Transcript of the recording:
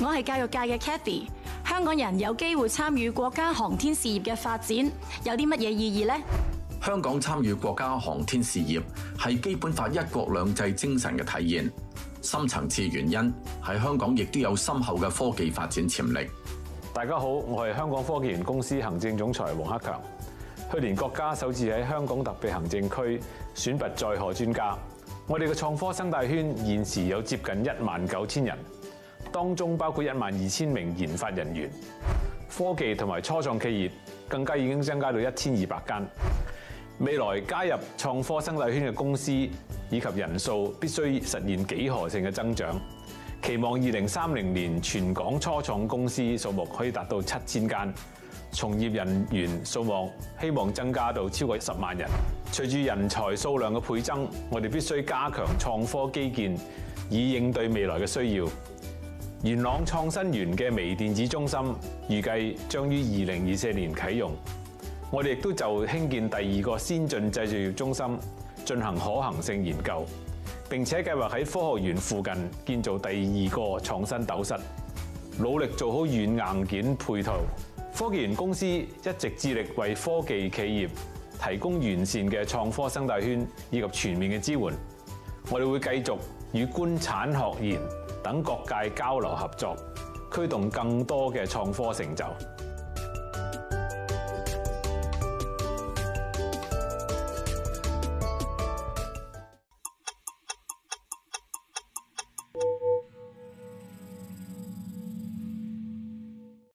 我係教育界嘅 Cathy，香港人有機會參與國家航天事業嘅發展，有啲乜嘢意義呢？香港參與國家航天事業係基本法一國兩制精神嘅體現，深層次原因係香港亦都有深厚嘅科技發展潛力。大家好，我係香港科技園公司行政總裁黃克強。去年國家首次喺香港特別行政區選拔載荷專家，我哋嘅創科生態圈現時有接近一萬九千人。當中包括一萬二千名研發人員，科技同埋初創企業更加已經增加到一千二百間。未來加入創科生態圈嘅公司以及人數必須實現幾何性嘅增長。期望二零三零年全港初創公司數目可以達到七千間，從業人員數目希望增加到超過十萬人。隨住人才數量嘅倍增，我哋必須加強創科基建，以應對未來嘅需要。元朗創新園嘅微電子中心預計將於二零二四年啟用，我哋亦都就興建第二個先進製造業中心進行可行性研究，並且計劃喺科學園附近建造第二個創新斗室，努力做好軟硬件配套。科技園公司一直致力為科技企業提供完善嘅創科生態圈以及全面嘅支援，我哋會繼續，與官、產、學、研等各界交流合作，驅動更多嘅創科成就。